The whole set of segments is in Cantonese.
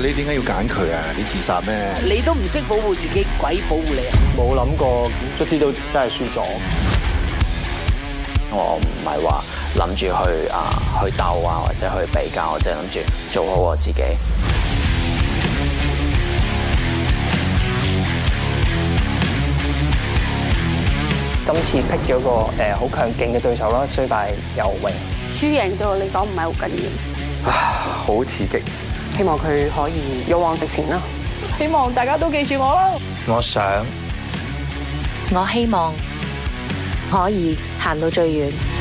你點解要揀佢啊？你自殺咩？你都唔識保護自己，鬼保護你啊！冇諗過，即知道真係輸咗。我唔係話諗住去啊去鬥啊，或者去比較，我即係諗住做好我自己。今次劈咗個誒好強勁嘅對手囉，雖敗猶榮。輸贏對我嚟講唔係好緊要。啊！好刺激。希望佢可以勇往直前啦！希望大家都記住我啦！我想，我希望可以行到最遠。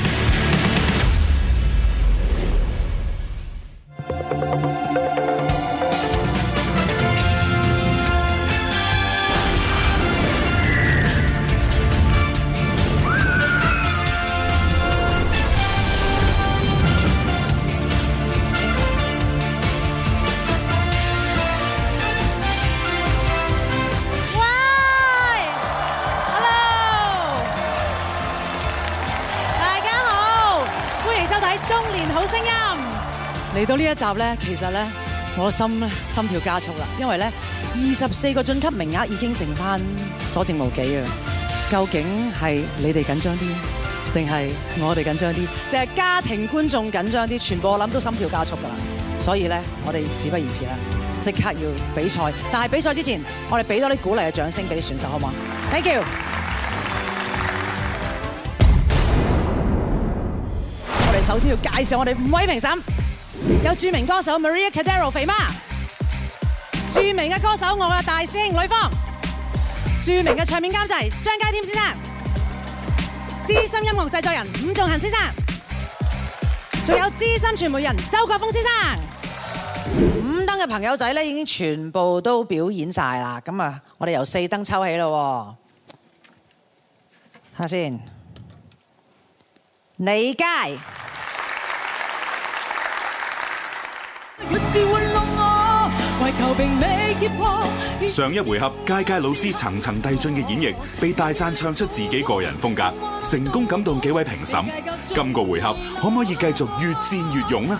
嚟到呢一集咧，其實咧，我心咧心跳加速啦，因為咧二十四個晉級名額已經剩翻所剩無幾啊！究竟係你哋緊張啲，定係我哋緊張啲？定係家庭觀眾緊張啲？全部我諗都心跳加速噶啦！所以咧，我哋事不宜遲啦，即刻要比賽。但係比賽之前，我哋俾多啲鼓勵嘅掌聲俾啲選手好唔好？Thank you！我哋首先要介紹我哋五位評審。有著名歌手 Maria Cordero 肥媽，著名嘅歌手，我嘅大師兄呂方，著名嘅唱片監製張佳添先生，資深音樂製作人伍仲衡先生，仲有資深傳媒人周國峰先生。五燈嘅朋友仔咧已經全部都表演晒啦，咁啊，我哋由四燈抽起咯，睇下先，你佳。上一回合，佳佳老師層層遞進嘅演繹，被大贊唱出自己個人風格，成功感動幾位評審。今個回合，可唔可以繼續越戰越勇呢？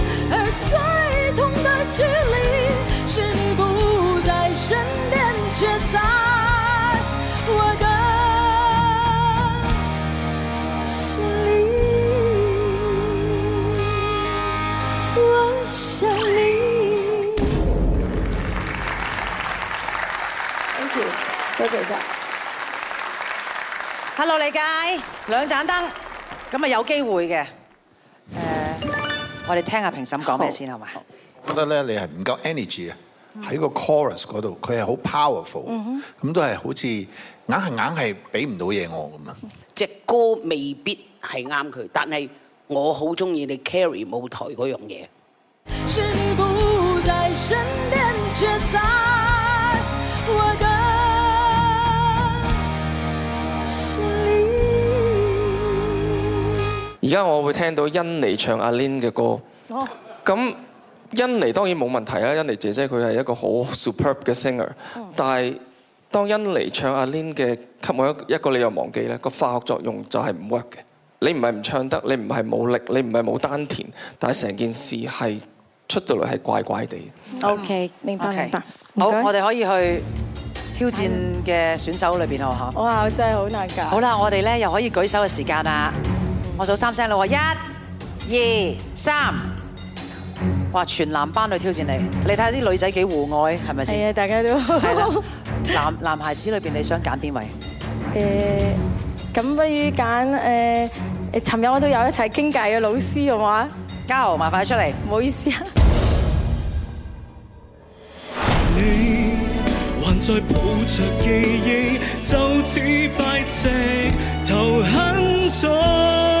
距離是你不在身邊，卻在我的心裡，uh。 我想你。Hello，理解兩盞燈，咁啊有機會嘅。我哋聽下評審講咩先，好嗎？好覺得咧，你係唔夠 energy 啊！喺個 chorus 嗰度，佢係好 powerful，咁都係好似硬係硬係俾唔到嘢我咁啊！隻歌未必係啱佢，但係我好中意你 carry 舞台嗰樣嘢。是你不在身邊，卻在我的心裡。而家我，我會聽到恩妮唱阿 Lin 嘅歌，咁、oh.。恩妮當然冇問題啊，恩妮姐姐佢係一個好 super 嘅 singer。但係當恩妮唱阿 Lin 嘅《給我一一個理由忘記》咧，個化學作用就係唔 work 嘅。你唔係唔唱得，你唔係冇力，你唔係冇丹田，但係成件事係出到嚟係怪怪地。O K，明白。O K，好，我哋可以去挑戰嘅選手裏邊咯嚇。我啊，真係好難搞。好啦，我哋咧又可以舉手嘅時間啦。我數三聲咯，一、二、三。話全男班去挑戰你，你看看，你睇下啲女仔幾戶外係咪先？係啊，大家都係咯。男男孩子裏邊你想揀邊位？誒，咁不如揀誒，尋日我都有一齊傾偈嘅老師好嘛？家豪麻煩出嚟，唔好意思啊。你還在抱着記憶，就似塊石頭很重。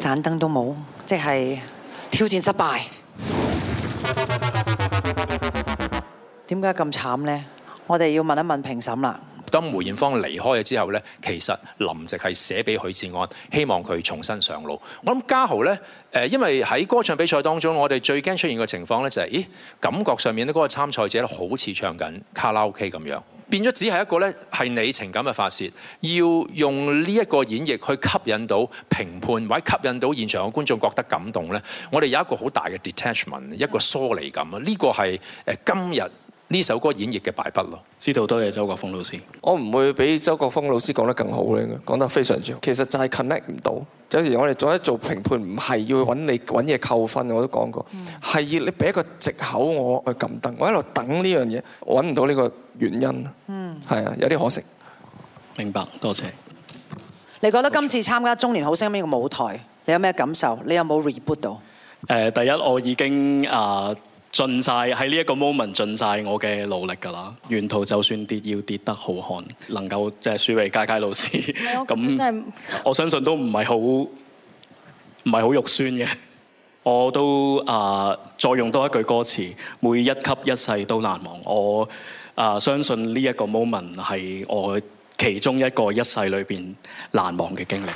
盞燈都冇，即係挑戰失敗。點解咁慘呢？我哋要問一問評審啦。當梅艷芳離開咗之後呢，其實林夕係寫俾許志安，希望佢重新上路。我諗嘉豪呢，誒，因為喺歌唱比賽當中，我哋最驚出現個情況呢、就係，就係咦感覺上面呢嗰個參賽者好似唱緊卡拉 OK 咁樣。變咗只係一個咧，係你情感嘅發洩，要用呢一個演繹去吸引到評判，或者吸引到現場嘅觀眾覺得感動咧。我哋有一個好大嘅 detachment，一個疏離感啊！呢個係誒今日。呢首歌演繹嘅敗筆囉，知道多謝周國峰老師。我唔會比周國峰老師講得更好咧，講得非常之好。其實就係 connect 唔到，有、就、時、是、我哋做一做評判，唔係要揾你揾嘢扣分，我都講過，係、嗯、要你俾一個藉口我去撳燈。我喺度等呢樣嘢，我揾唔到呢個原因。嗯，係啊，有啲可惜。明白，多謝，謝。你覺得今次參加中年好聲音呢個舞台，你有咩感受？你有冇 reboot 到？誒、嗯，第一我已經啊。呃盡晒喺呢一個 moment 盡晒我嘅努力㗎啦，沿途就算跌要跌得好看，能夠即係輸畀佳佳老師，咁我， 我相信都唔係好唔係好肉酸嘅。 我都啊再用多一句歌詞，每一級一世都難忘。我啊、呃、相信呢一個 moment 係我其中一個一世裏邊難忘嘅經歷。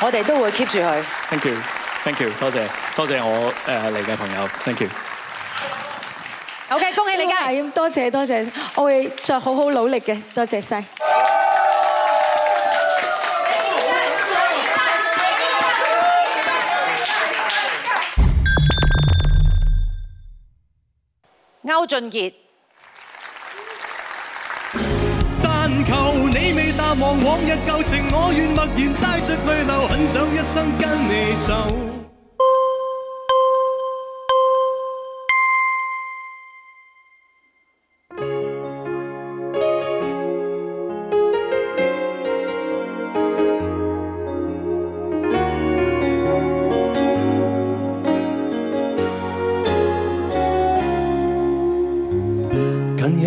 我哋都會 keep 住佢。Thank you，Thank you，多謝多謝我誒嚟嘅朋友。Thank you。OK，恭喜你家，多謝多謝，我會再好好努力嘅，多謝晒。區俊傑。但求你未淡忘往日舊情，我願默然帶著淚流，很想一生跟你走。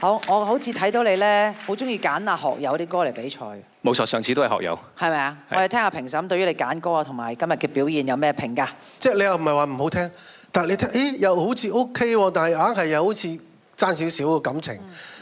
好，我好似睇到你咧，好中意揀阿學友啲歌嚟比賽。冇錯，上次都係學友。係咪啊？我哋聽下評審對於你揀歌啊，同埋今日嘅表現有咩評價？即係你又唔係話唔好聽，但係你聽，咦，又好似 OK 喎，但係硬係又好似爭少少嘅感情。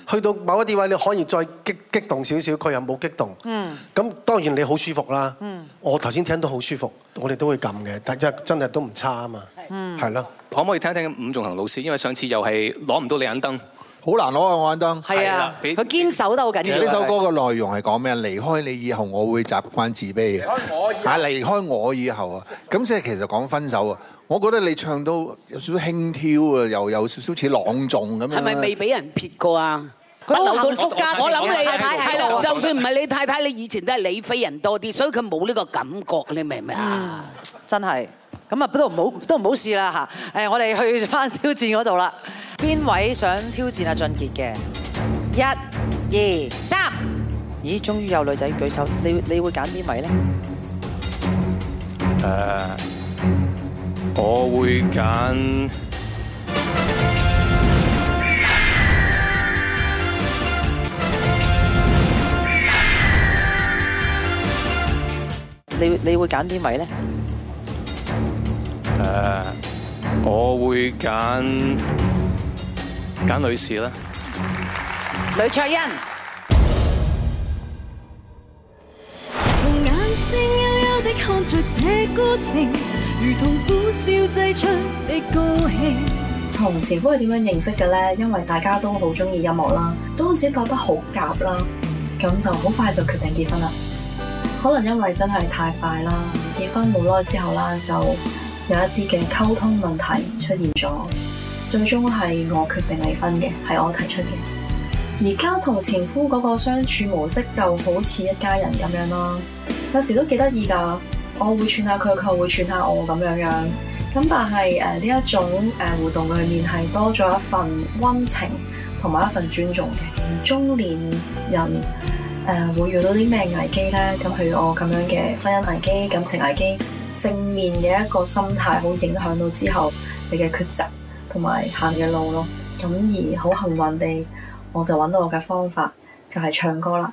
去到某一啲位，你可以再激激動少少，佢又冇激動。嗯。咁當然你好舒服啦。嗯。我頭先聽到好舒服，我哋都會撳嘅，但真係都唔差啊嘛。嗯。係咯。可唔可以聽一聽伍仲衡老師？因為上次又係攞唔到你眼燈。好難攞啊！安東，係啊，佢堅守得好緊。呢首歌嘅內容係講咩？離開你以後，我會習慣自卑嘅。啊，離開我以後啊，咁即係其實講分手啊。我覺得你唱到有少少輕佻啊，又有少少似朗誦咁樣。係咪未俾人撇過啊？佢留到福家，我諗你太太係就算唔係你太太，你以前都係李飛人多啲，所以佢冇呢個感覺，你明唔明啊？嗯，真係。咁啊，都唔好，都唔好事啦嚇。誒，我哋去翻挑戰嗰度啦。邊位想挑戰阿俊杰嘅？一、二、三。咦，終於有女仔舉手。你你會揀邊位呢？誒，我會揀。你你會揀邊位呢？誒，我會揀。揀女士啦，呂卓欣。同眼睛幽幽看著這歌詞，如同苦笑擠出的高興。前夫係點樣認識嘅咧？因為大家都好中意音樂啦，當時覺得好夾啦，咁就好快就決定結婚啦。可能因為真係太快啦，結婚冇耐之後啦，就有一啲嘅溝通問題出現咗。最終係我決定離婚嘅，係我提出嘅。而家同前夫嗰個相處模式就好似一家人咁樣啦，有時都幾得意噶。我會串下佢，佢會串下我咁樣樣。咁但係誒呢一種誒互動裏面係多咗一份溫情同埋一份尊重嘅。中年人誒、呃、會遇到啲咩危機咧？咁譬如我咁樣嘅婚姻危機、感情危機，正面嘅一個心態好影響到之後你嘅抉擇。同埋行嘅路咯，咁而好幸運地，我就揾到我嘅方法，就係唱歌啦。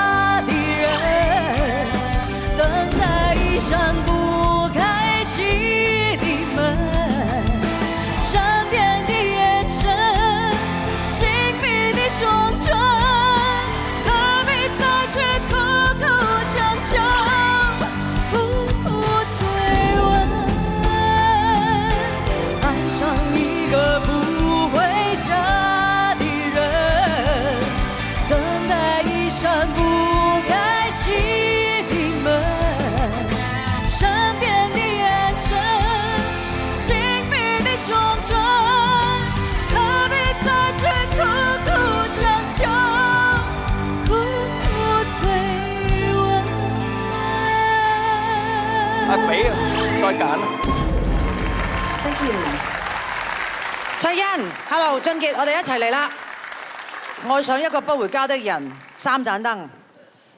簡，thank you 卓欣，hello，俊杰，我哋一齊嚟啦。愛上一個不回家的人，三盞燈，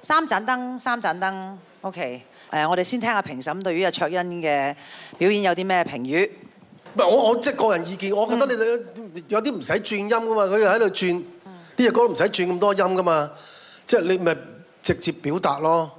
三盞燈，三盞燈，ok。誒、呃，我哋先聽下評審對於阿卓欣嘅表演有啲咩評語。唔係，我我即係、就是、個人意見，我覺得你你、嗯、有啲唔使轉音㗎嘛，佢又喺度轉，啲、嗯、嘢歌唔使轉咁多音㗎嘛，即、就、係、是、你咪直接表達咯。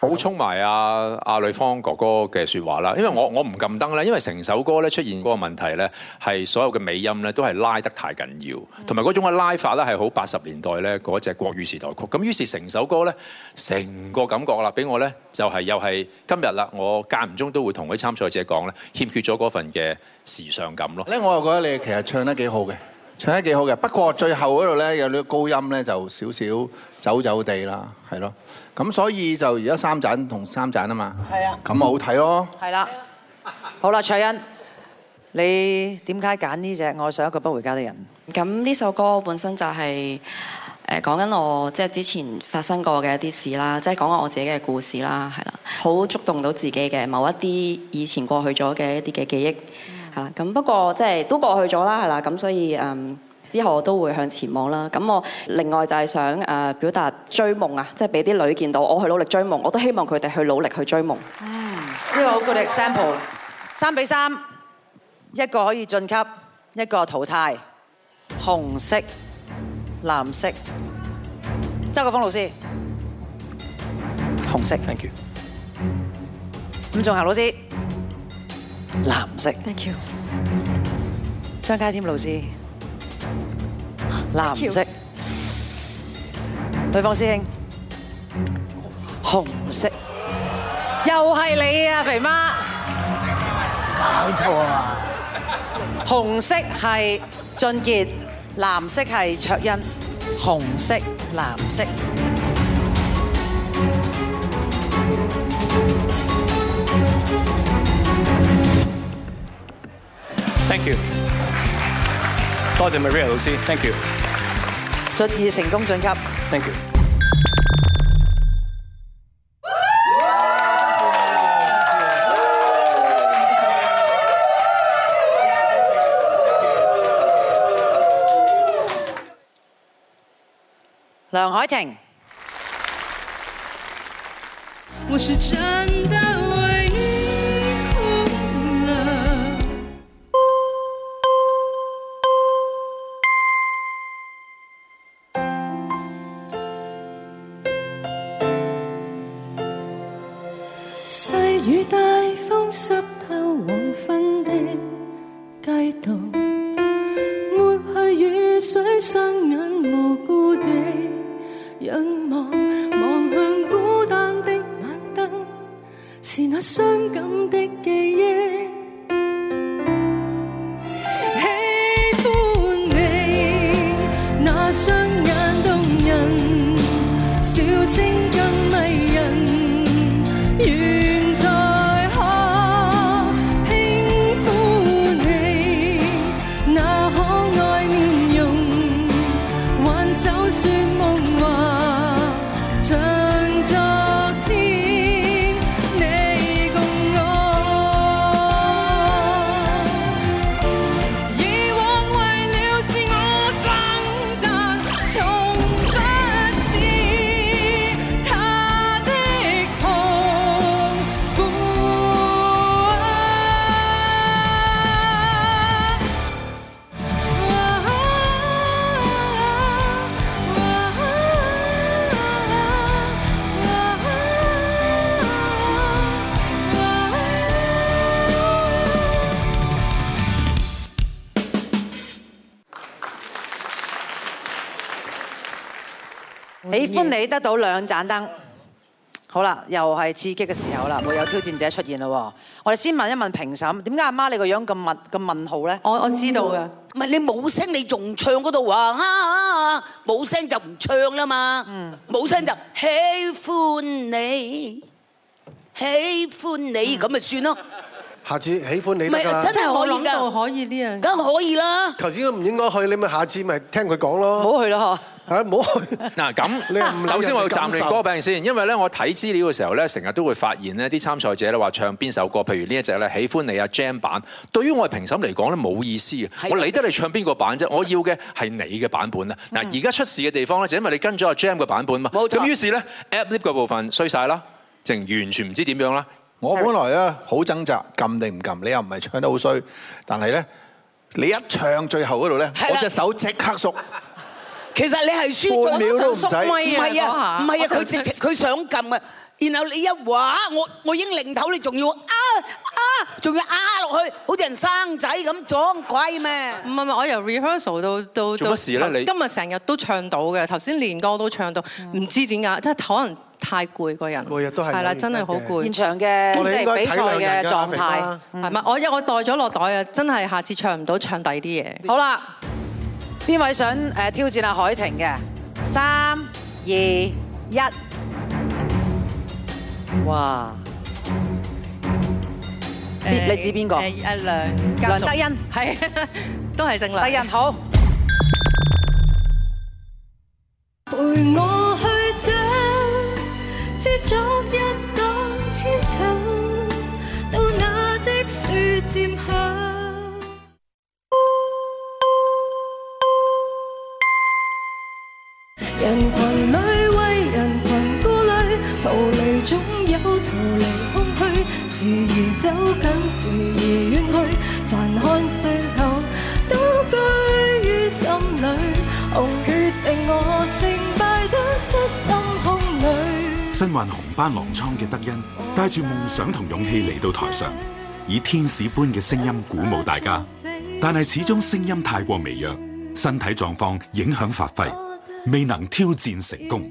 補充埋阿阿呂方哥哥嘅説話啦，因為我我唔撳燈咧，因為成首歌咧出現嗰個問題咧，係所有嘅尾音咧都係拉得太緊要，同埋嗰種嘅拉法咧係好八十年代咧嗰隻國語時代曲，咁於是成首歌咧成個感覺啦，俾我咧就係、是、又係今日啦，我間唔中都會同佢參賽者講咧，欠缺咗嗰份嘅時尚感咯。咧我又覺得你其實唱得幾好嘅，唱得幾好嘅，不過最後嗰度咧有啲高音咧就少少走走地啦，係咯。咁所以就而家三盞同三盞啊嘛，咁咪、啊、好睇咯、哦。係啦、啊，好啦，卓欣，你點解揀呢隻《愛上一個不回家的人》？咁呢首歌本身就係誒講緊我即係之前發生過嘅一啲事啦，即係講下我自己嘅故事啦，係啦、啊，好觸動到自己嘅某一啲以前過去咗嘅一啲嘅記憶嚇。咁、啊啊、不過即係、就是、都過去咗啦，係啦、啊，咁所以嗯。之後我都會向前望啦。咁我另外就係想誒表達追夢啊，即係俾啲女見到我去努力追夢，我都希望佢哋去努力去追夢。嗯，呢個好嘅 example。三比三，一個可以進級，一個淘汰。紅色、藍色。周國峯老師，紅色，thank you。伍仲衡老師，藍色，thank you。張家添老師。藍色，對方師兄紅色，又係你啊，肥媽搞錯啊！紅色係俊杰，藍色係卓欣，紅色藍色。Thank you，多謝 Maria 老師，Thank you。所以成功晉級。Thank you。梁愷庭。當你得到兩盞燈，好啦，又係刺激嘅時候啦，會有挑戰者出現咯。我哋先問一問評審，點解阿媽你個樣咁問咁問號咧？我我知道嘅。唔係你冇聲，你仲唱嗰度話啊？冇聲就唔唱啦嘛。嗯，冇聲就喜歡你，喜歡你咁咪算咯。下次喜歡你得啦，真係可以噶，可以呢樣，梗可以啦。頭先唔應該去，你咪下次咪聽佢講咯。唔好去啦，嗬。係、 啊，唔好去。嗱 咁，首先我要暫亂嗰個病先，因為咧，我睇資料嘅時候咧，成日都會發現呢啲參賽者咧話唱邊首歌，譬如呢一隻咧，喜歡你阿、啊、Gem 版。對於我嘅評審嚟講咧，冇意思嘅。我理得你唱邊個版啫？我要嘅係你嘅版本啦。嗱、嗯，而家出事嘅地方咧，就是，因為你跟咗阿、啊、Gem 嘅版本嘛。咁於是咧 ad lib 個部分衰晒啦，剩完全唔知點樣啦。我本來咧好掙扎，撳定唔撳？你又唔係唱得好衰，但係咧，你一唱最後嗰度咧，我隻手即刻縮。 其實你係輸咗你想縮咪啊！唔係啊，唔係啊，佢食佢想撳啊，然後你一話，我我已經擰頭，你仲要啊啊，仲要啊落去，好似人生仔咁，撞鬼咩？唔係唔係，我由 rehearsal 到到到，做乜事咧？今日成日都唱到嘅，頭先連歌都唱到，唔、嗯、知點解，即係可能太攰個人。每日都係。係啦，真係好攰。現場嘅即係比賽嘅狀態。係咪？我我一袋咗落袋啊！真係下次唱唔到唱第二啲嘢。好啦。邊位想誒挑戰阿海晴嘅？三二一，哇！誒，你指邊個？誒，梁德恩係，都係姓梁。德恩好。身患紅斑狼瘡嘅德恩，帶住夢想同勇氣嚟到台上，以天使般嘅聲音鼓舞大家，但係始終聲音太過微弱，身體狀況影響發揮，未能挑戰成功。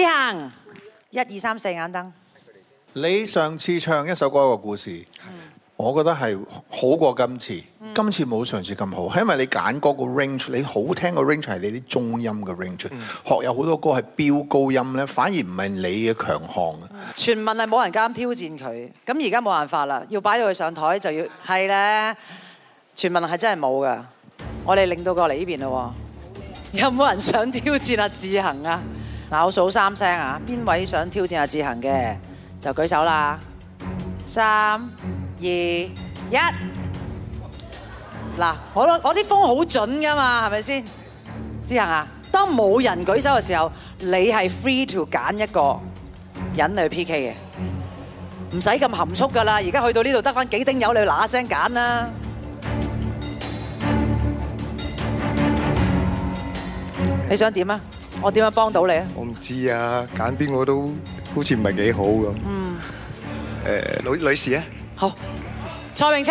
志恆，一二三四，1, 2, 3, 4, 眼燈。你上次唱一首歌個故事，嗯，我覺得係好過今次。嗯、今次冇上次咁好，係因為你揀歌個 range，你好聽個 range 係你啲中音嘅 range、嗯。學有好多歌係飆高音呢，反而唔係你嘅強項。傳聞係冇人敢挑戰佢，咁而家冇辦法啦，要擺到佢上台就要係咧。傳聞係真係冇噶，我哋令到過嚟呢邊咯。有冇人想挑戰阿、啊、志恆啊？嗱，數三聲啊，邊位想挑戰阿志恒嘅就舉手啦。三、二、一。嗱，我我啲風好準噶嘛，係咪先？志恒啊，當冇人舉手嘅時候，你係 free to 揀一個人嚟 PK 嘅，唔使咁含蓄噶啦。而家去到呢度得翻幾丁友，你嗱一聲揀啦。你想點啊？我點樣幫到你啊？我唔知啊，揀邊個我都好似唔係幾好咁。嗯，誒，女女士啊，好，蔡明秋。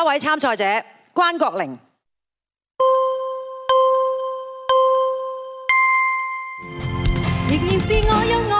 仍然一位參賽者關國玲，是我有我。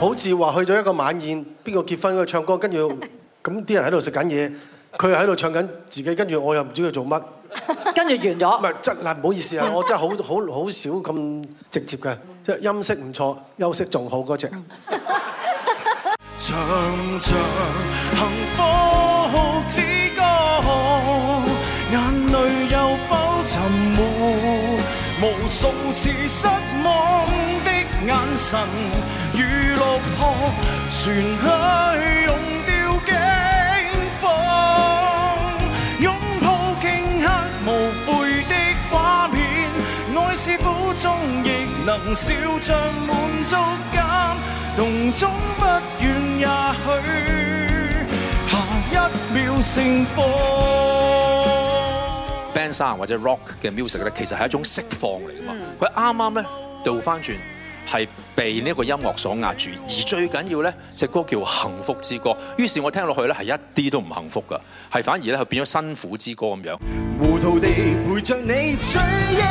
好似話去咗一個晚宴，邊個結婚嗰個唱歌，跟住咁啲人喺度食緊嘢，佢又喺度唱緊自己，跟住我又唔知佢做乜，跟住完咗。唔係真嗱，唔好意思啊，我真係好好好少咁直接嘅，即係音色唔錯，休息仲好嗰隻 無數次失望。眼神雨落破，全去溶掉驚慌，擁抱頃刻無悔的畫面。愛是苦中亦能笑着滿足感，動中不願，也許下一秒盛放。Band 三或者 Rock 嘅 music 咧，其實係一種釋放嚟噶嘛，佢啱啱咧倒翻轉。係被呢個音樂所壓住，而最緊要呢隻歌叫幸福之歌。於是，我聽落去呢係一啲都唔幸福噶，係反而咧係變咗辛苦之歌咁樣。糊塗地陪着你追憶，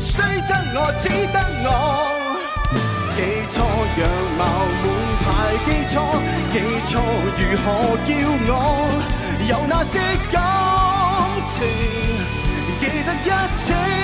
雖真我只得我，記錯樣貌滿排記錯，記錯如何叫我有那些感情記得一切。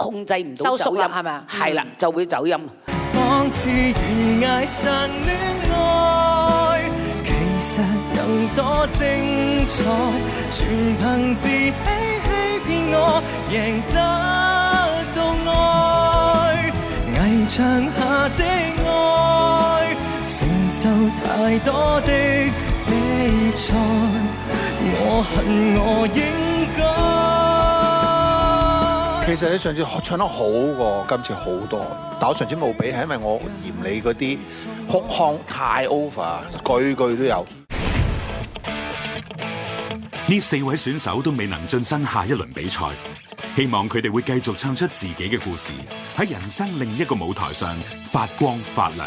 控制唔到走音係咪啊？係啦，就會走音。放肆懸崖上戀愛，其實有多精彩，全憑自欺欺騙，我贏得到愛，危牆下的愛，承受太多的悲哀，我恨我應該。其實你上次唱得好過，今次好多，但我上次冇比係因為我嫌你嗰啲哭腔太 over，句句都有。呢四位選手都未能晉身下一輪比賽，希望佢哋會繼續唱出自己嘅故事，喺人生另一個舞台上發光發亮。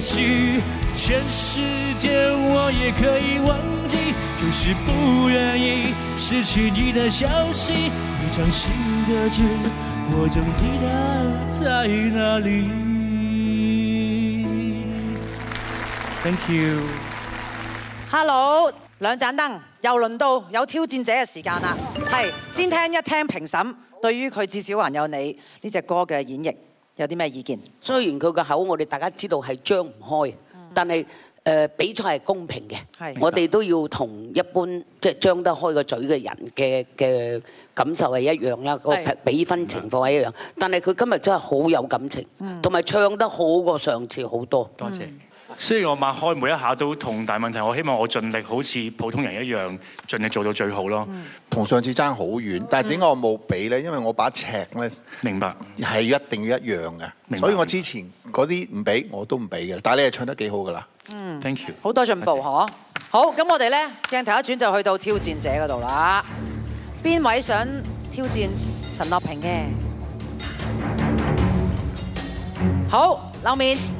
也許全世界我也可以忘記，就是不願意失去你的消息。你掌心的痣，我總記得在哪裡。Thank you。Hello，兩盞燈，又輪到有挑戰者嘅時間啦。係，先聽一聽評審對於佢至少還有你呢隻、這個、歌嘅演繹。有啲咩意見？雖然佢個口我哋大家知道係張唔開，嗯、但係誒、呃、比賽係公平嘅，我哋都要同一般即係、係、張得開個嘴嘅人嘅嘅感受係一樣啦。個比分情況係一樣，嗯、但係佢今日真係好有感情，同、嗯、埋唱得好過上次好多。多謝。嗯所然我擘開每一下都同，大係問題，我希望我盡力好似普通人一樣，盡力做到最好咯。同上次爭好遠，但係點解我冇俾呢？因為我把尺呢，明白係一定要一樣嘅。所以我之前嗰啲唔俾我都唔俾嘅。但係你係唱得幾好㗎啦，嗯。嗯，Thank you，好多進步嗬！謝謝。好，咁我哋咧鏡頭一轉就去到挑戰者嗰度啦。邊位想挑戰陳樂平嘅？好，露面。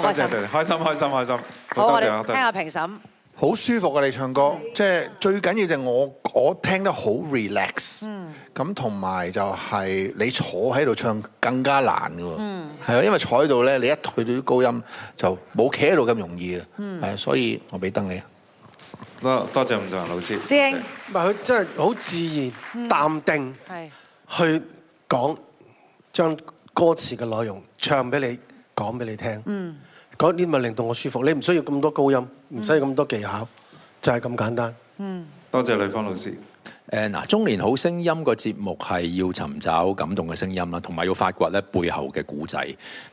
開心對，開心開心開心，多謝啊！聽下評審，好舒服啊！你唱歌，即係最緊要就係我我聽得好 relax，嗯，咁同埋就係你坐喺度唱更加難㗎喎，嗯，係啊，因為坐喺度咧，你一去到啲高音就冇企喺度咁容易啊，嗯，係啊，所以我俾燈你啊，多多謝伍仲衡老師，志英，唔係佢真係好自然、淡定，係去講將歌詞嘅內容唱俾你。講給你聽，講啲嘢令到我舒服。你唔需要咁多高音，唔需要咁多技巧，就係、是、咁簡單。嗯，多謝呂方老師。誒，嗱，中年好聲音個節目係要尋找感動嘅聲音啦，同埋要發掘咧背後嘅古仔。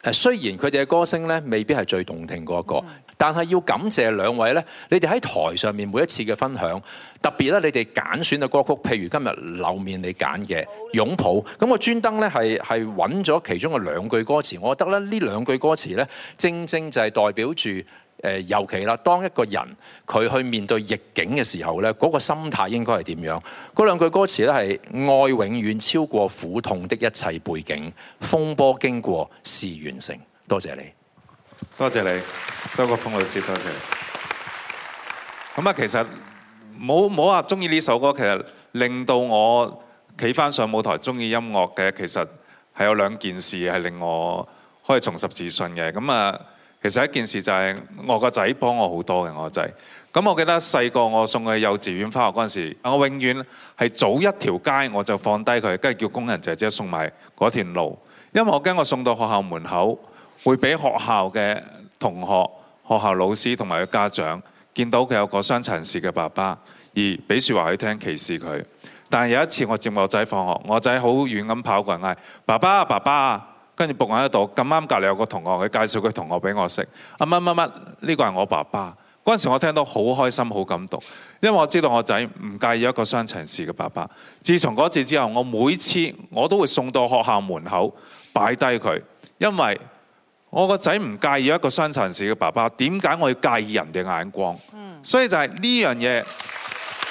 誒，雖然佢哋嘅歌聲咧未必係最動聽嗰一個，嗯、但係要感謝兩位咧，你哋喺台上面每一次嘅分享，特別咧你哋揀選嘅歌曲，譬如今日柳冕你揀嘅擁抱，咁、嗯、我專登咧係係搵咗其中嘅兩句歌詞，我覺得咧呢兩句歌詞咧正正就係代表住。尤其啦，當一個人佢去面對逆境嘅時候呢嗰、嗰個心態應該係點樣？嗰兩句歌詞咧係愛永遠超過苦痛的一切背景，風波經過事完成。多謝你，多謝你，周國豐老師，多謝。咁啊，其實冇冇話中意呢首歌，其實令到我企翻上舞台中意音樂嘅，其實係有兩件事係令我可以重拾自信嘅。咁啊。其實一件事就係我個仔幫我好多嘅，我個仔。咁我記得細個我送佢去幼稚園返學嗰時，我永遠係早一條街我就放低佢，跟住叫工人姐姐送埋嗰段路。因為我驚我送到學校門口會俾學校嘅同學、學校老師同埋佢家長見到佢有個傷殘人士嘅爸爸，而俾説話去聽歧視佢。但係有一次我接我仔放學，我仔好遠咁跑過嚟嗌：爸爸，爸爸！跟住僕喺度，咁啱隔離有個同學，佢介紹佢同學俾我識。阿乜乜乜，呢、啊啊啊啊這個係我爸爸。嗰陣時我聽到好開心、好感動，因為我知道我仔唔介意一個傷殘士嘅爸爸。自從嗰次之後，我每次我都會送到學校門口擺低佢，因為我個仔唔介意一個傷殘士嘅爸爸。點解我要介意人哋眼光、嗯？所以就係呢樣嘢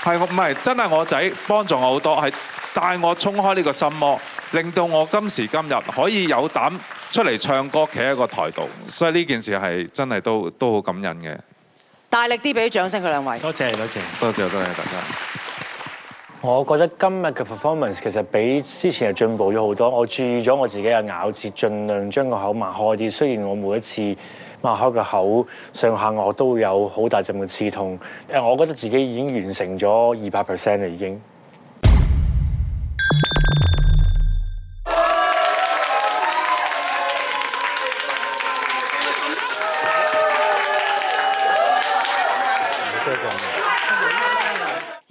係唔係真係我仔幫助我好多，係帶我衝開呢個心魔。令到我今時今日可以有膽出嚟唱歌，企喺個台度，所以呢件事係真係都都好感人嘅。大力啲俾啲掌聲，佢兩位。多謝多謝，多謝多謝大家。我覺得今日嘅 performance 其實比之前係進步咗好多。我注意咗我自己嘅咬字，盡量將個口擘開啲。雖然我每一次擘開個口，上下牙都有好大陣嘅刺痛，我覺得自己已經完成咗二百 percent 啦，已經。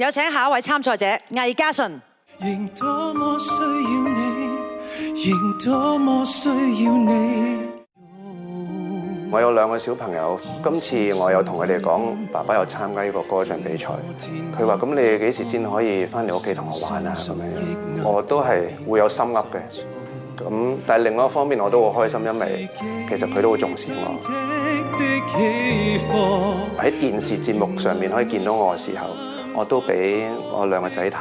有請下一位參賽者魏嘉信。我有兩個小朋友，今次我有同佢哋講，爸爸有參加呢個歌唱比賽。佢話：咁你哋幾時先可以翻嚟屋企同我玩啊？咁樣我都係會有心噏嘅。咁但係另外一方面我都好開心，因為其實佢都好重視我。喺電視節目上面可以見到我嘅時候。我都俾我兩個仔睇，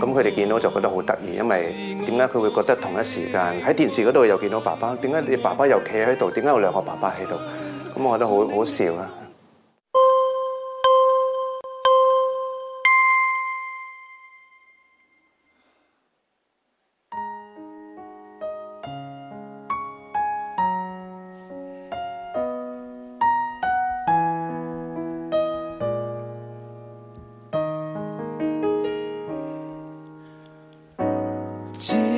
咁佢哋見到就覺得好得意，因為點解佢會覺得同一時間喺電視嗰度又見到爸爸？點解你爸爸又企喺度？點解有兩個爸爸喺度？咁我覺得好好笑啦。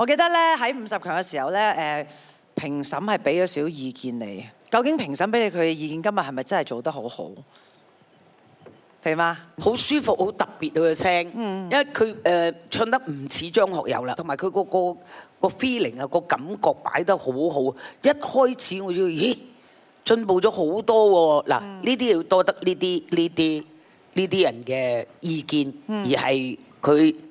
我記得咧喺五十強嘅時候咧，誒評審係俾咗少意見你。究竟評審俾你佢嘅意見，今日係咪真係做得好好？係嘛？好舒服，好特別啊！佢個聲，因為佢誒唱得唔似張學友啦，同埋佢個歌個 feeling 啊，個感覺擺得好好。一開始我要咦，進步咗好多喎！嗱，呢啲要多得呢啲呢啲呢啲人嘅意見，而係佢。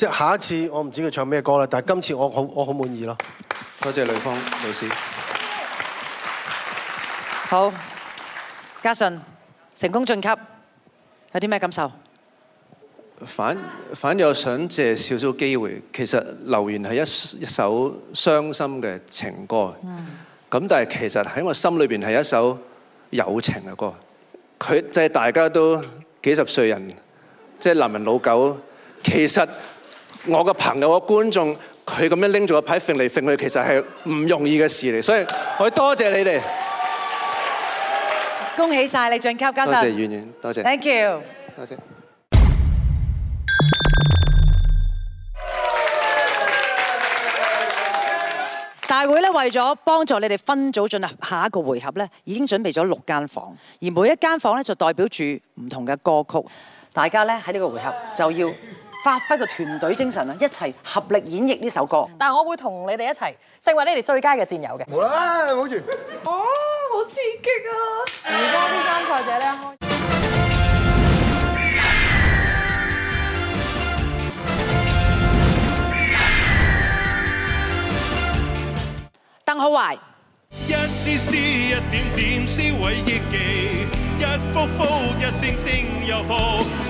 即係下一次我唔知佢唱咩歌啦，但係今次我好我好滿意咯。多謝呂方老師。好，嘉信成功晉級，有啲咩感受？反反而我想借少少機會，其實《留言》係一一首傷心嘅情歌。嗯。咁但係其實喺我心裏邊係一首友情嘅歌。佢即係大家都幾十歲人，即係男人老狗，其實。我個朋友個觀眾，佢咁樣拎住個牌揈嚟揈去，其實係唔容易嘅事嚟，所以我多謝你哋，恭喜晒你晉級，教授。多謝婉遠，多謝。Thank you，多謝。大會咧為咗幫助你哋分組進入下一個回合咧，已經準備咗六間房，而每一間房咧就代表住唔同嘅歌曲，大家咧喺呢個回合就要。 發揮個團隊精神啊！一齊合力演繹呢首歌。但係我會同你哋一齊成為你哋最佳嘅戰友嘅。冇啦，保持。哦，好刺激啊！而家啲參賽者咧、哎，鄧浩懷。一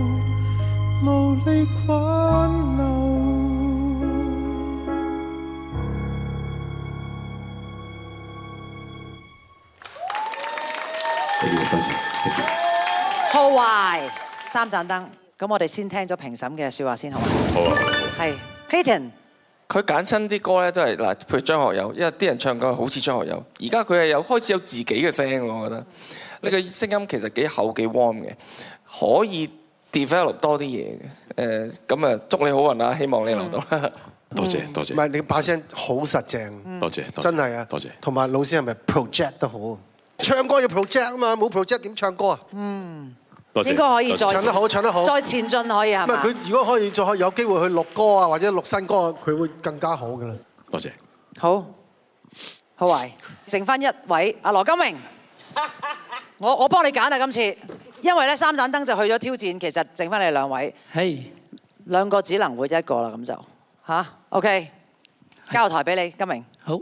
係三盞燈，咁我哋先聽咗評審嘅說話先，好嘛？好啊。係 Clinton，佢揀親啲歌咧都係嗱，譬如張學友，因為啲人唱歌好似張學友，而家佢係有開始有自己嘅聲，我覺得你嘅聲音其實幾厚幾 warm 嘅，可以 develop 多啲嘢嘅。誒，咁啊，祝你好運啊，希望你留到。多謝多謝。唔係，你把聲好實淨，多謝，真係啊，多謝。同埋老師係咪 project 都好？唱歌要 project 啊嘛，冇 project 點唱歌啊？嗯。謝謝，應該可以再前進，唱得好，唱得好，再前進可以係嘛？唔係佢如果可以再有機會去錄歌啊，或者錄新歌，佢會更加好㗎喇。多謝好。何為剩翻一位阿羅金榮，我我幫你揀啦今次，因為咧三盞燈就去咗挑戰，其實剩翻你哋兩位。係、hey. 兩個只能活一個啦，咁就吓 OK，交台俾你、hey. 金榮好。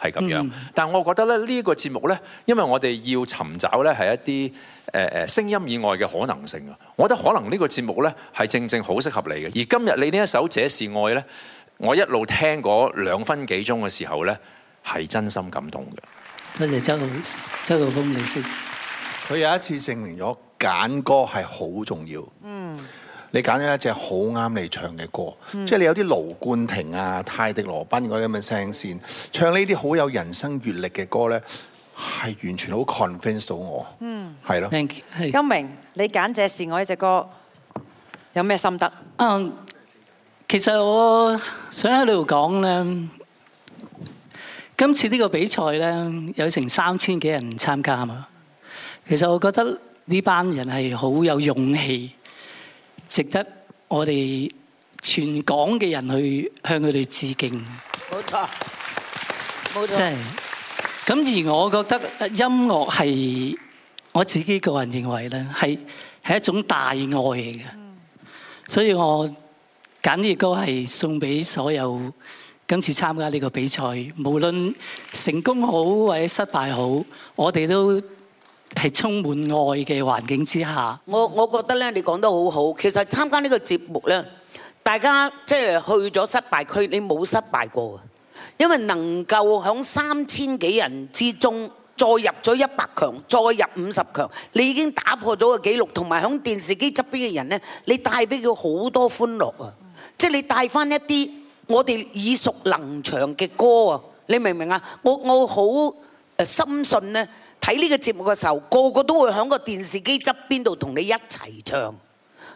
係咁樣，嗯、但係我覺得咧，呢一個節目呢，因為我哋要尋找呢係一啲誒誒聲音以外嘅可能性啊！我覺得可能呢個節目呢係正正好適合你嘅。而今日你呢一首這是愛呢，我一路聽嗰兩分幾鐘嘅時候呢，係真心感動嘅。多謝周老周老風老師。佢有一次證明咗揀歌係好重要。嗯。你揀咗一隻好啱你唱嘅歌，嗯、即係你有啲盧冠廷啊、泰迪羅賓嗰啲咁嘅聲線，唱呢啲好有人生閲歷嘅歌呢，係完全好 convince 到我，嗯，係咯。Thank you，金、hey. 明，你揀這是我呢隻歌，有咩心得？嗯、uh，其實我想喺呢度講呢：今次呢個比賽呢，有成三千幾人參加嘛，其實我覺得呢班人係好有勇氣。值得我哋全港嘅人去向佢哋致敬。冇錯，冇錯。即係，咁而我覺得音樂係我自己個人認為咧，係係一種大愛嚟嘅。所以我揀呢個歌係送俾所有今次參加呢個比賽，無論成功好或者失敗好，我哋都。喺充滿愛嘅環境之下，我我覺得咧，你講得好好。其實參加呢個節目咧，大家即係去咗失敗區，你冇失敗過啊！因為能夠響三千幾人之中，再入咗一百強，再入五十強，你已經打破咗個紀錄，同埋響電視機側邊嘅人咧，你帶俾佢好多歡樂啊、嗯！即係你帶翻一啲我哋耳熟能詳嘅歌啊！你明唔明啊？我我好、呃、深信呢。睇呢個節目嘅時候，個個都會喺個電視機側邊度同你一齊唱。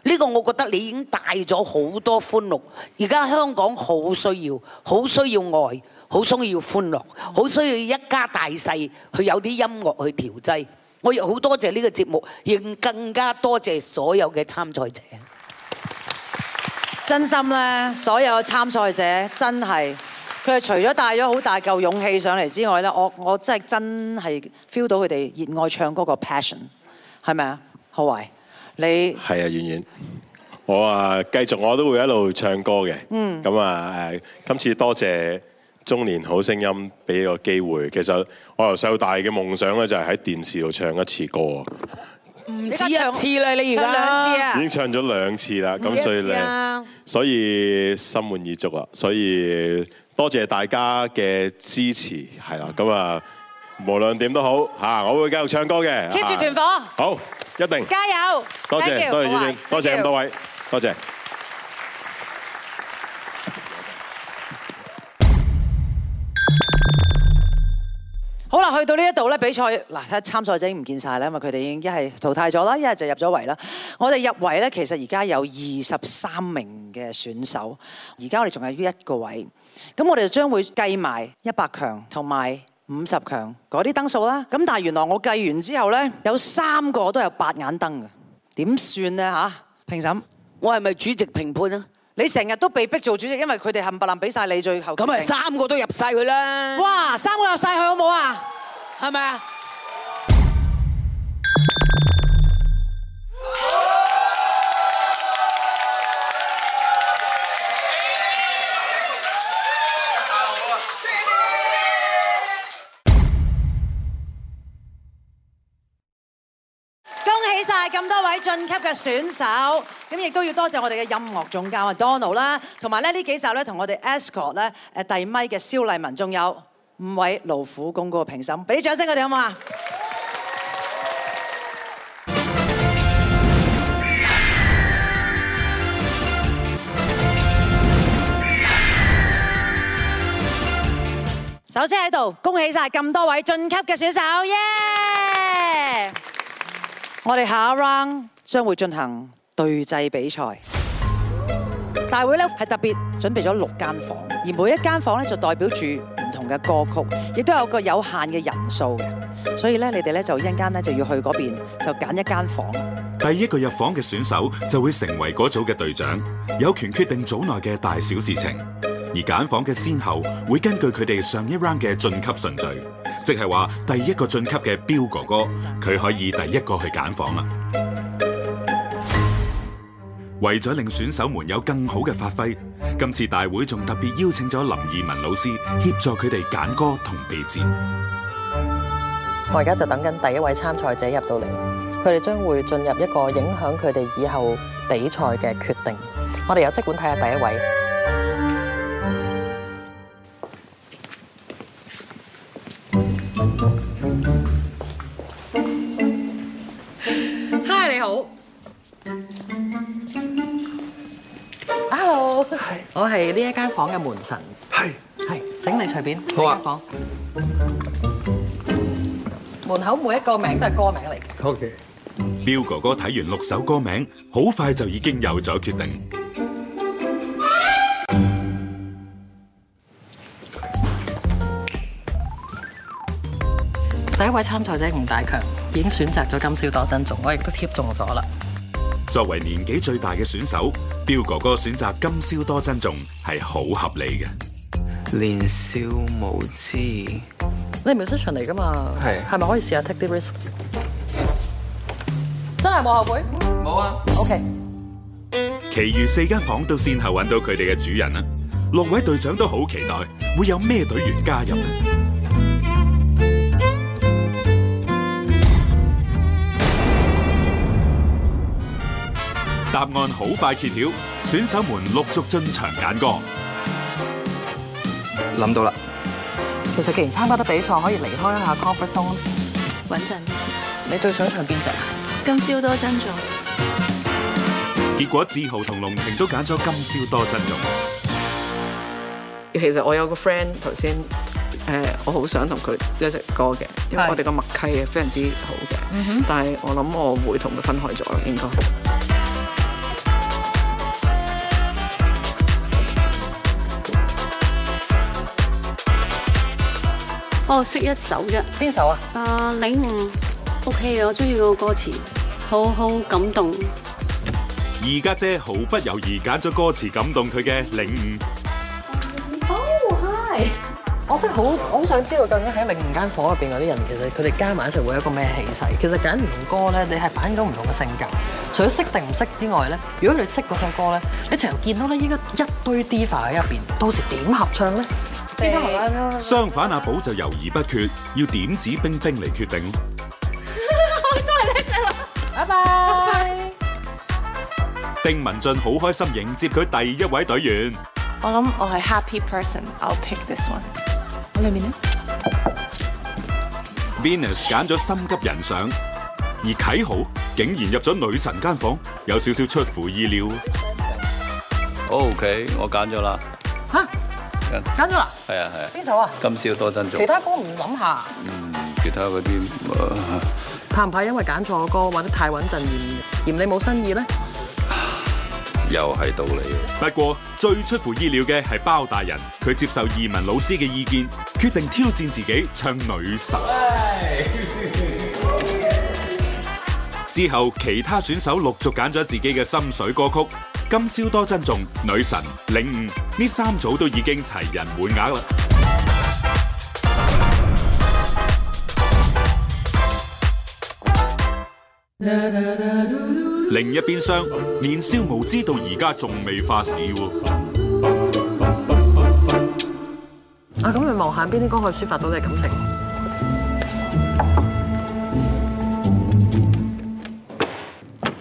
呢個我覺得你已經帶咗好多歡樂。而家香港好需要，好需要愛，好需要歡樂，好需要一家大細去有啲音樂去調劑。我亦好多謝呢個節目，亦更加多謝所有嘅參賽者。真心咧，所有參賽者真係。佢除咗帶咗好大嚿勇氣上嚟之外呢，我我真係真係 feel 到佢哋熱愛唱歌個 passion，係咪啊？何為？你係啊，婉婉。我啊，繼續我都會一路唱歌嘅。嗯。咁啊誒，今次多謝中年好聲音俾個機會。其實我由細到大嘅夢想呢，就係喺電視度唱一次歌。唔止一次啦，你而家兩次啊，已經唱咗兩次啦。咁所以咧，所以心滿意足啦。所以。多謝大家嘅支持，係啦，咁啊，無論點都好嚇，我會繼續唱歌嘅，keep 住團火，好，一定，加油，多謝，多謝多謝，多謝咁多位，多謝。好啦，去到呢一度咧，比賽嗱睇參賽者已經唔見晒啦，因為佢哋已經一係淘汰咗啦，一係就入咗圍啦。我哋入圍咧，其實而家有二十三名嘅選手，而家我哋仲係一個位，咁我哋就將會計埋一百強同埋五十強嗰啲燈數啦。咁但係原來我計完之後咧，有三個都有八眼燈嘅，點算咧吓？評審，我係咪主席評判啊？你成日都被逼做主席，因為佢哋冚唪唥俾曬你最後決定。咁咪三個都入曬去啦！哇，三個入曬去好冇啊？係咪啊？咁多位進級嘅選手，咁亦都要多謝我哋嘅音樂總監阿 Donald 啦，同埋咧呢幾集咧同我哋 escort 咧誒遞咪嘅蕭麗文仲有五位勞苦功高嘅評審，俾啲掌聲佢哋好唔好啊？首先喺度恭喜曬咁多位進級嘅選手，yeah！我哋下一 round 將會進行對制比賽，大會咧係特別準備咗六間房，而每一間房咧就代表住唔同嘅歌曲，亦都有個有限嘅人數嘅，所以咧你哋咧就一陣間咧就要去嗰邊就揀一間房。第一個入房嘅選手就會成為嗰組嘅隊長，有權決定組內嘅大小事情，而揀房嘅先後會根據佢哋上一 round 嘅晉級順序。即係話第一個晉級嘅彪哥哥，佢可以第一個去揀房啦。為咗令選手們有更好嘅發揮，今次大會仲特別邀請咗林二汶老師協助佢哋揀歌同備戰。我而家就等緊第一位參賽者入到嚟，佢哋將會進入一個影響佢哋以後比賽嘅決定。我哋有即管睇下第一位。我係呢一間房嘅門神是，係係請你隨便，好啊間房間。門口每一個名都係歌名嚟嘅。O K，彪哥哥睇完六首歌名，好快就已經有咗決定。第一位參賽者吳大強已經選擇咗今宵多珍重，我亦都貼中咗啦。作為年紀最大嘅選手，彪哥哥選擇今宵多珍重係好合理嘅。年少無知，你係 musician 嚟㗎嘛？係係咪可以試下 take 啲 risk？真係冇後悔？冇啊。OK。其餘四間房都先後揾到佢哋嘅主人啦，六位隊長都好期待會有咩隊員加入呢。答案好快揭曉，選手們陸續進場揀歌。諗到啦，其實既然參加得比賽，可以離開一下 comfort zone。穩陣啲，你對上場邊隻？今宵多珍重。結果志豪同龍婷都揀咗今宵多珍重。其實我有個 friend 頭先，誒，我好想同佢一隻歌嘅，因為我哋個默契啊非常之好嘅。嗯、哼。但係我諗我會同佢分開咗，應該。我識一首啫。邊首啊？啊，領悟。O K，我中意個歌詞，好好感動。而家姐毫不猶豫揀咗歌詞感動佢嘅領悟。Oh hi！我真係好，我好想知道，究竟喺另一間房入邊嗰啲人，其實佢哋加埋一齊會有一個咩氣勢？其實揀唔同歌咧，你係反映到唔同嘅性格。除咗識定唔識之外咧，如果你識嗰首歌咧，你成日見到咧依家一堆 diver 喺入邊，到時點合唱咧？相反，阿寶就猶豫不決，要點指兵兵嚟決定 拜拜，拜。丁文俊好開心迎接佢第一位隊員我我。我諗我係 happy person，I'll pick this one。喺裏面 Venus 揀咗心急人上，而啟豪竟然入咗女神間房，有少少出乎意料，嗯。OK，我揀咗啦。嚇！揀咗啦，係啊係啊，邊首啊？今次要多珍重，其他歌唔諗下。嗯，其他嗰啲，怕唔怕因為揀錯歌，玩得太穩陣，嫌嫌你冇新意咧？又係道理。不過最出乎意料嘅係包大人，佢接受二汶老師嘅意見，決定挑戰自己唱女神。 之後，其他選手陸續揀咗自己嘅心水歌曲。今宵多珍重、女神、領悟呢三組都已經齊人滿額啦。另一邊廂，年少無知到而家仲未發市喎。啊。啊，咁你望下邊啲歌可以抒發到你嘅感情。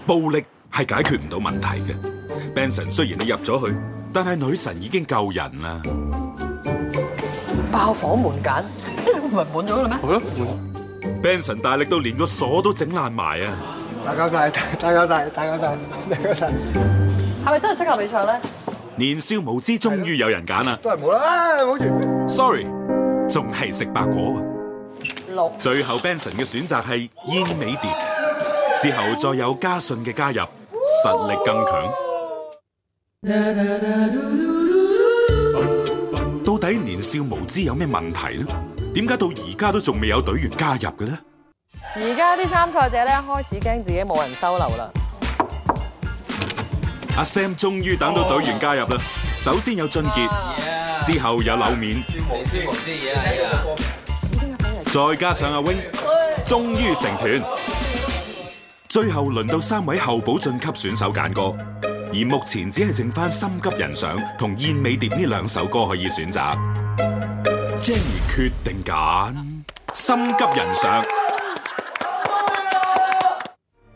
暴力係解決唔到問題嘅。Benson 雖然你入咗去，但係女神已經救人啦。爆鎖門揀，唔係滿咗啦咩？好啦，滿啦。Benson 大力到連個鎖都整爛埋啊！大家晒，大家晒，大家晒，大家晒。係咪真係適合比賽咧？年少無知，終於有人揀啦。都係冇啦，冇住。Sorry，仲係食白果。六。最後 Benson 嘅選擇係燕尾蝶。之後再有嘉信嘅加入，實力更強。到底年少無知有咩問題咧？點解到而家都仲未有隊員加入嘅咧？而家啲參賽者咧，開始驚自己冇人收留啦。阿 Sam 終於等到隊員加入啦，首先有俊傑，之後有柳冕，再加上阿 Wing，終於成團。最後輪到三位候補晉級選手揀歌，而目前只係剩翻《心急人上》同《燕尾蝶》呢兩首歌可以選擇。Jenny 決定揀《心急人上》。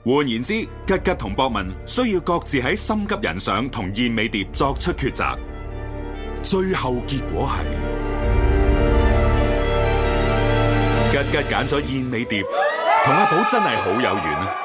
換言之，吉吉同博文需要各自喺《心急人上》同《燕尾蝶》作出抉擇。最後結果係吉吉揀咗《燕尾蝶》，同阿寶真係好有緣啊！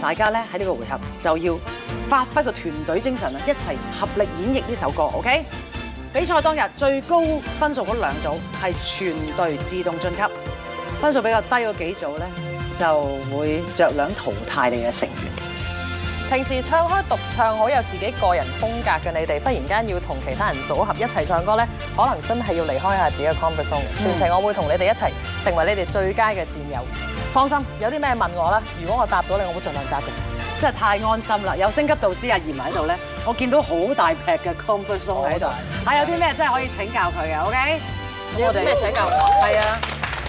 大家咧喺呢個回合就要發揮個團隊精神啊！一齊合力演繹呢首歌，OK？比賽當日最高分數嗰兩組係全隊自動晉級，分數比較低嗰幾組咧就會着兩淘汰你嘅成員。平時唱開獨唱好有自己個人風格嘅你哋，忽然間要同其他人組合一齊唱歌咧，可能真係要離開下自己嘅 comfort zone。全程我會同你哋一齊，成為你哋最佳嘅戰友。放心，有啲咩問我啦？如果我答到你，我會盡量答嘅。真係太安心啦！有星級導師阿嚴喺度咧，我見到好大撇嘅 comfort zone 喺度。係有啲咩真係可以請教佢嘅？OK，我哋有咩請教？係啊，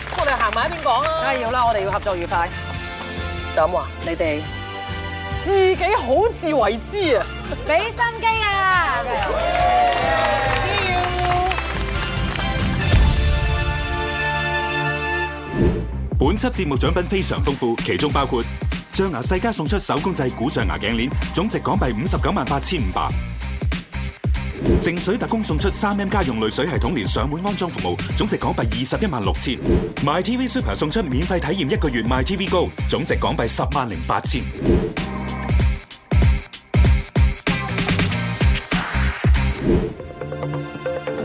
咁我哋行埋一邊講咯。梗係要啦，我哋要合作愉快。就咁話，你哋自己好自為之啊！俾心機啊！本輯節目獎品非常豐富，其中包括象牙世家送出手工製古象牙頸鏈，總值港幣五十九萬八千五百；淨水特工送出三 M 家用濾水系統連上門安裝服務，總值港幣二十一萬六千；MyTV Super 送出免費體驗一個月 MyTV Go，總值港幣十萬零八千。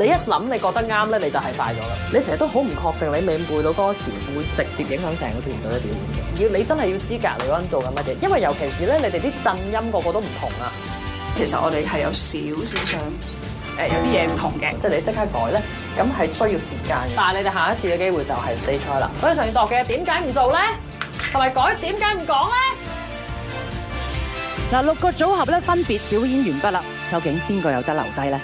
你一諗，你覺得啱咧，你就係快咗啦。你成日都好唔確定，你未背到歌詞，會直接影響成個團隊嘅表演嘅。要你真係要知隔離嗰人做緊乜嘢，因為尤其是咧，你哋啲震音個個都唔同啊。其實我哋係有少少想誒，有啲嘢唔同嘅，即係你即刻改咧，咁係需要時間嘅。但係你哋下一次嘅機會就係四賽啦。所以上一堂嘅點解唔做咧？同埋改，點解唔講咧？嗱，六個組合咧分別表演完畢啦，究竟邊個有得留低咧？